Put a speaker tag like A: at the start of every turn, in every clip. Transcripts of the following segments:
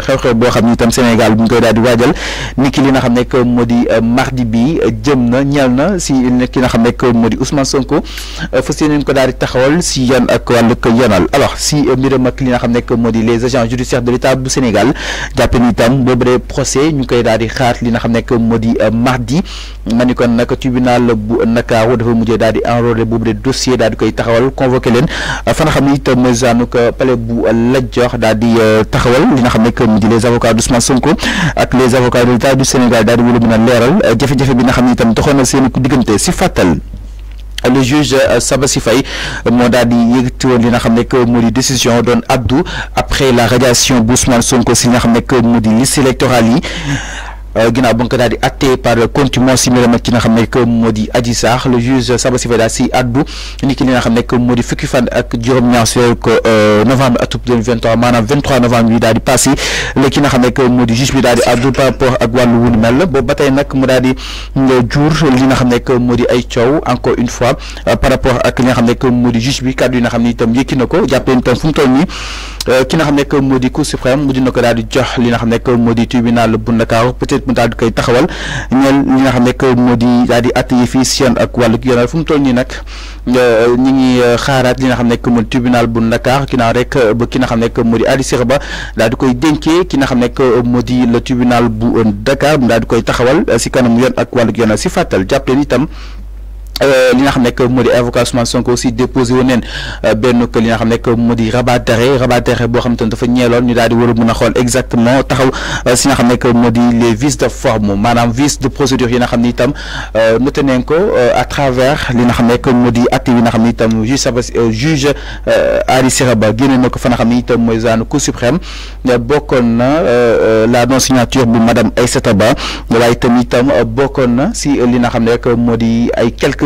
A: xew-xew boo xam ni Sénégal bu ñu koy daal di waajal ni ki li nga xam nekk moo di euh, mardi bi euh, jëm na na si ki nga xam nekk moo di Ousmane Sonko euh, fas yéeneen ko daal di taxawal si yan ak wàllu yanal alors si mbiram ak li nga xam nekk moo di les agents judiciaires de l'État bu Sénégal jàppe ni tam boobu de procès ñu koy daal di xaar li nga xam nekk moo di mardi ma ni kon nag tribunal bu Ndakaaru dafa mujjee daal di enrôler boobu de dossier daal di koy taxawal convoqué leen fa nga xam ne itam mooy zaanu palais bu Lat daal di taxawal li nga xam les avocats d'Ousmane Sonko et les avocats de l'État du Sénégal eh, le juge eh, Sabassi Faye que décision donne Abdou après la radiation d'Ousmane Sonko si euh, ginnaaw ba nga ko atté par atte par contumace si mbir ki nga xamné ne moo di Adji le juge Sabassy Faye si addu ni ki li nga xam ne moo fukki fan ak juróom-ñaar si weeru euh, novembre atum 2023 maanaam 23 novembre bi daal passé le ki nga xamné ne moo juge bi daal addu par rapport ak walu wu mel bo batay nak nag mu daal di euh, jur li nga xamné ne moo ay coow encore une fois par rapport ak li nga xamné ne moo juge bi kàddu yi nga xam tam itam yëkki na ko jàppale itam fu mu toll nii ki nga xamné ne moo Cour suprême mu dina ko daal jox li nga xamné ne moo tribunal bu Ndakaaru peut-être yëpp daal di koy taxawal ñeel ñi nga xam nekk moo di daal di at yi fii si yoon ak wàllu yoonal fu mu toll nii nag ñi ngi euh, xaaraat li nga xam nekk moo di bu Ndakaar ginnaaw rek euh, ba ki na xam nekk moo di Aly Ba daal di koy dénkee ki na xam nekk moo di le tribunal bu euh, Dakar daal di koy taxawal si kanam yoon ak wàllu yoonal si fàttal jàpp leen itam Euh, li nga xam nekk moo di avocat Sonko aussi déposé wonen ben euh, benn que li nga xam nekk moo di rabat d'arrêt xam tane dafa ñeeloon ñu daal di wëru mëna xol exactement taxaw euh, si nga xam nekk les vices de forme madame vices de procédure yi nga xam ne euh noté nañ ko à travers li nga xam nekk modi acte yi nga xam itam juge juge Ari Siraba génne na fa nga xam ne itam mooy zaanu Cour suprême bokkoon na la non signature bu madame Aïssata Ba waaye tam itam bokon na si li nga xam nekk ay quelques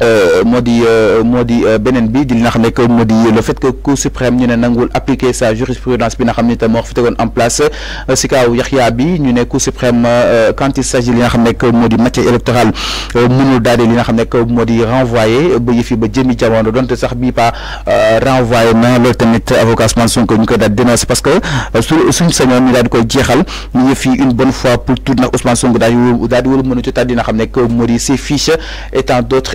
A: Euh, moo di euh, moo di euh, beneen bi di li nga xam le fait que cour suprême ñu ne nangul appliquer sa jurisprudence bi nga xam ne itam moo fi tegoon en place si kaw Yaxya bi ñu ne cour suprême quand il s'agit li nga xam ne match électoral matière électorale mënul daal li nga xam ne renvoyé ba yëfi ba jëmi jamono donte sax bii pas renvoyé na loolu tamit avocat Ousmane Sonko ñu koy daal di parce que sur suñ sañoon ñu daal di koy jeexal yëfi une bonne fois pour tout nag Ousmane Sonko daal di daal di war a mën a jotaat dina xam ne moo di fiches et tant d'autres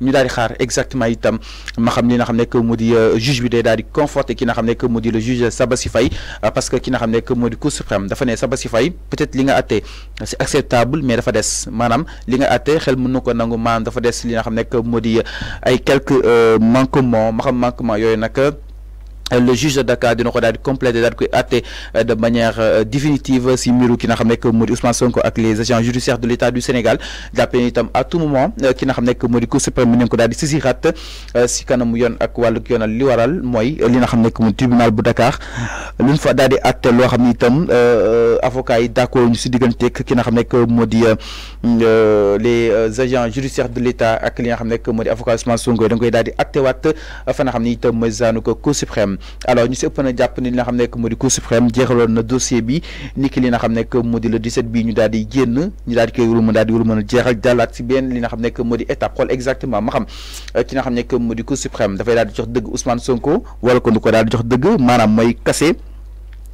A: ñu daal di xaar exactement itam ma xam li nga xam ne que moo di euh, juge bi day daal di conforter ki nga xam ne que moo di le juge Sabassi Faye euh, parce que ki nga xam ne que moo di cour suprême dafa ne Sabassi Faye peut-être li nga àtte c'est acceptable mais dafa des maanaam li nga àtte xel mën ko nangu maanaam dafa des li nga xam ne que moo di ay quelques euh, manquements ma xam manquement yooyu nag le juge de Dakar dina ko daldi di complété koy atte euh, de manière euh, définitive si mbiru ki nga xam nekk moo Ousmane Sonko ak les agents judiciaires de l'État du Sénégal jàppe itam à tout moment euh, ki nga xam que moo Cour suprême nañ ko daal si kanam yoon ak walu yoonal li waral moy li nga xam nekk tribunal bu Dakar luñ fa daldi di atte loo xam ni itam avocats yi d' ñu si digganteeg ki nga xam nekk les agents judiciaires de l'État, ak li nga xam nekk avocat Ousmane Sonko dañ koy daldi di wat fa nga xam itam mooy ko Cour suprême alors ñu si ëpp na jàpp ni li nga xam nekk moo di cour suprême jeexaloon na dossier bi ni ki li nga xam nekk moo di le 17 bi ñu daal di génn ñu daal di koy wul mën daal di wul mën a jeexal jàllaat si benn li nga xam nekk moo di étape xool exactement ma xam ki euh, nga xam nekk moo di cour suprême dafay daal di jox dëgg Ousmane Sonko wala ko du ko daal di jox dëgg maanaam mooy kase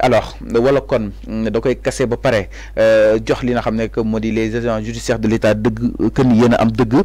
A: alors wala kon mm, da koy kase ba paré euh jox li nga xamné que modi les agents judiciaires de l'état état que ni yéen am deug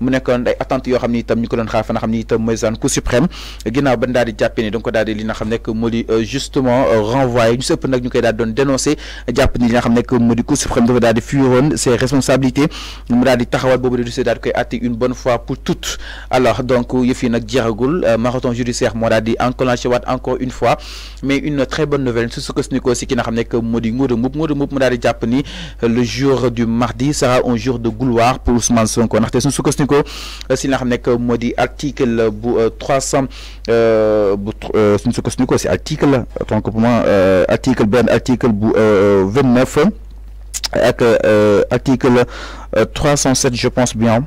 A: mu nekkoon ay attentes yo xamni tam itam ñu ko doon xaar fa nga xam zone cour suprême ginnaaw ba daal di jàppee ni da ko daal di li nga xamné que modi euh, justement euh, renvoyer ñu sepp nak ñu koy daal doon dénoncer japp ni li nga xamné que modi cour suprême dafa daal di fuiroon ses responsabilités mu daal di taxawal bobu de dossier daal koy àtte une bonne fois pour toutes alors donc yefi nak nag euh, marathon judiciaire moo daal di enclenché wat encore une fois mais une très bonne nouvelle sukkandikoo si ki nga xam nekk moo di Ngouda Mboup Ngouda Mboup mu daal di jàpp ni le jour du mardi sera un jour de gloire pour Ousmane Sonko ndaxte suñu sukkandikoo si li nga xam nekk moo di article bu euh, trois cent euh, bu suñu sukkandikoo si article donc moi article ben article bu vingt neuf ak article trois cent sept je pense bien.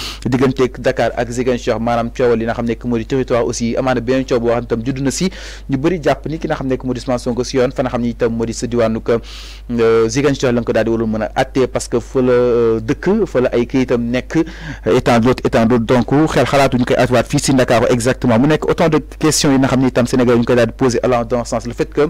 A: digganteeg Dakar ak Ziguinchor maanaam coowal li nga xamné ko modi territoire aussi amana beneen coow bo xam ne judd na si ñu bari japp ni ki nga xamné ko modi di Ousmane Sonko si yoon fa nga xamni tam modi ci diwanu sa diwaanu ko euh, Ziguinchor la nga ko daal di warul mën a parce que fa la euh, dëkk fa la ay këyitam nekk étant d'autre étant d'autre donc xel xalaatuñu koy atuwaat fi ci Dakar exactement mu nekk autant de questions yi nga xamni tam Sénégal ñu koy daal di posé allant dans ce sens le fait que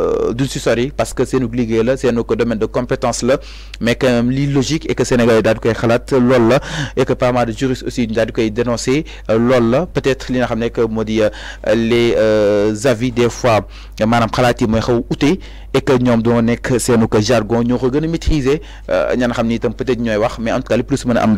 A: duñ si parce que c'est obligé là c'est notre domaine de compétence là mais quand même les logique et que Sénégal yi daal di koy là et que pas mal de juristes aussi daal koy dénoncer lol la peut-être les ramener xam que moo euh, les euh, avis des fois que madame khalati m'a outé et que ñoom doo que c'est ko jargon ñoo ko gën a maîtriser euh, ña nga a ni peut-être ñooy wax mais en tout cas le plus mën a am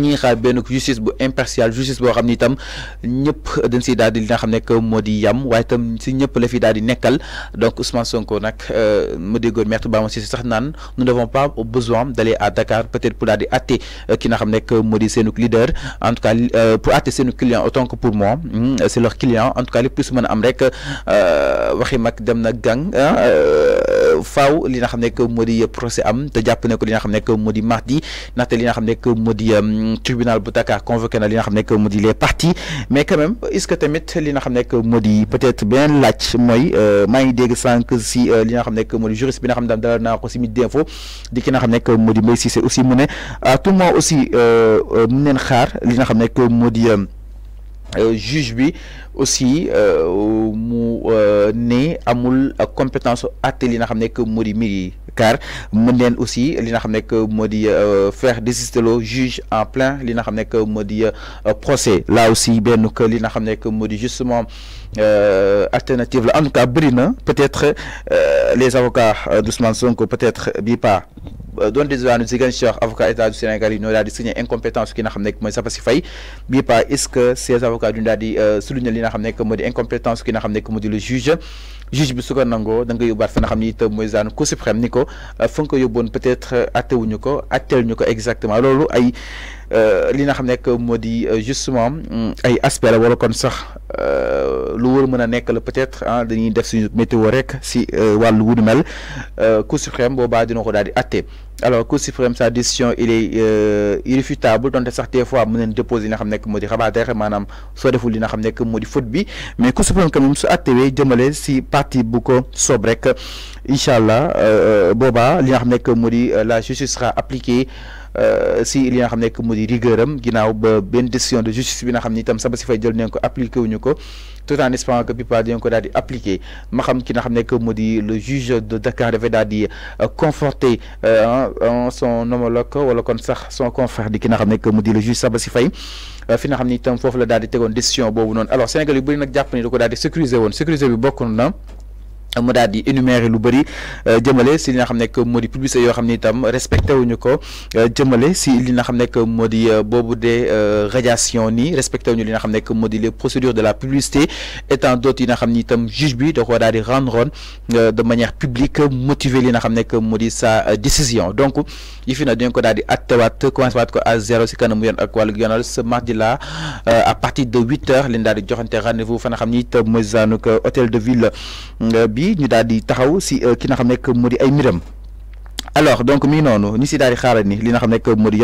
A: ñuy xaar benn justice bu impartial justice boo xam ni itam ñëpp dañ si daal di li nga xam ne moo di yam waaye itam si ñëpp la fi daal di nekkal donc Ousmane Sonko nag euh, ma déggoon maître Bamba Cissé sax naan nous n'avons pas au besoin d'aller à Dakar peut-être pour daal di àtte euh, ki nga xam ne moo di seenu leader en tout cas euh, pour àtte seenu client autant que pour moi hmm, c'est leur client en tout cas li plus si mën a am rek waxi mag dem na gang. Hein, faaw li nga xamné que modi procès am te jàpp ne ko li nga xamné que modi mardi ndaxte li nga xamné que modi euh, tribunal bu Dakar convoqué na li nga xamné que modi les parties mais quand même est-ce que tamit li nga xamné que modi peut-être ben lach euh, moy ma ngi dégg sànq si euh, li nga xamné que modi juriste bi nga xam ne dalal ko si midi di ki nga xamné que modi di Mbaye aussi mu à tout moi aussi euh neen xaar li nga xamné que modi euh, juge bi aussi euh, mu euh, né amul compétence àtte li nga xam nekk moo car mën len aussi li nga xam nekk faire désister le juge en plein li nga xam nekk procès là aussi ben que li nga xam nekk moo di alternative en tout cas brina peut-être les avocats d'Ousmane Sonko peut-être bi pas euh, donte diwaanu Ziguinchor avocat état du Sénégal yi ñoo daal di signé incompétence ki nga xam nekk mooy Sabassy fay bii pas est-ce que ces avocats duñu daal di euh, souligné li nga xam nekk moo di incompétence ki nga xam nekk moo di le juge juge bi su ko nangoo da nga yóbbaat fa nga xam ni itam mooy zaanu Cour suprême ni ko euh, fa nga ko yóbboon peut-être attewuñu ko atteel ñu ko exactement loolu ay. Euh, li nga modi euh, justement mm, ay aspect la wala kon sax euh, lu wër mëna nek le peut-être hein dañuy def suñu météo rek si walu wu mel Cour suprême boobaa dina ko alors Cour suprême sa décision il est irréfutable donc sax des fois mën déposé déposer li nga xam nekk moo di rabataire deful li nga bi mais Cour suprême quand même su attewee jëmale si parti bu ko sob rek inshallah allah boobaa li nga la justice sera appliquée. Euh, si li nga xam nekk mu di rigueur am ginnaaw hein, ba benn décision de justice bi nga xam ni itam Sabassy Faye jël nañ ko appliqué ko tout en espérant que BIPAR dinañ ko daal di appliqué ma xam ki na xam nekk mu di le juge de Dakar dafay daal di conforté en euh, hein, hein, son homologue wala kon sax son confrère di ki na xam nekk mu di le juge Sabassy Faye fi nga xam ni itam foofu la daal di tegoon décision boobu noonu alors Sénégal yu bëri nag jàpp ni da ko daal di sécuriser woon sécuriser bi bokk mu daal di énumérer lu bëri euh, jëmale si li nga xam ne moo di publicité yoo xam ne itam respecté wuñu ko euh, jëmale si li nga xam ne moo di euh, boobu de radiation nii respecté wuñu li nga xam ne moo di les procédures de la publicité étant d'autres yi nga xam ne itam juge bi da ko daal di rendre de manière publique motiver li nga xam ne moo di sa décision donc yi fi na dañ ko daal di attewaat commencé waat ko à zéro si kanam yoon ak wàllu yoonal ce mardi là à partir de 8 heures li daal di joxante rendez-vous fa nga xam ne itam mooy hôtel de ville bi bi ñu daal di taxaw si euh, ki nga xam nekk moo di ay mbiram alors donc mi ngi noonu ñu si daal xaaral ni li nga xam nekk moo di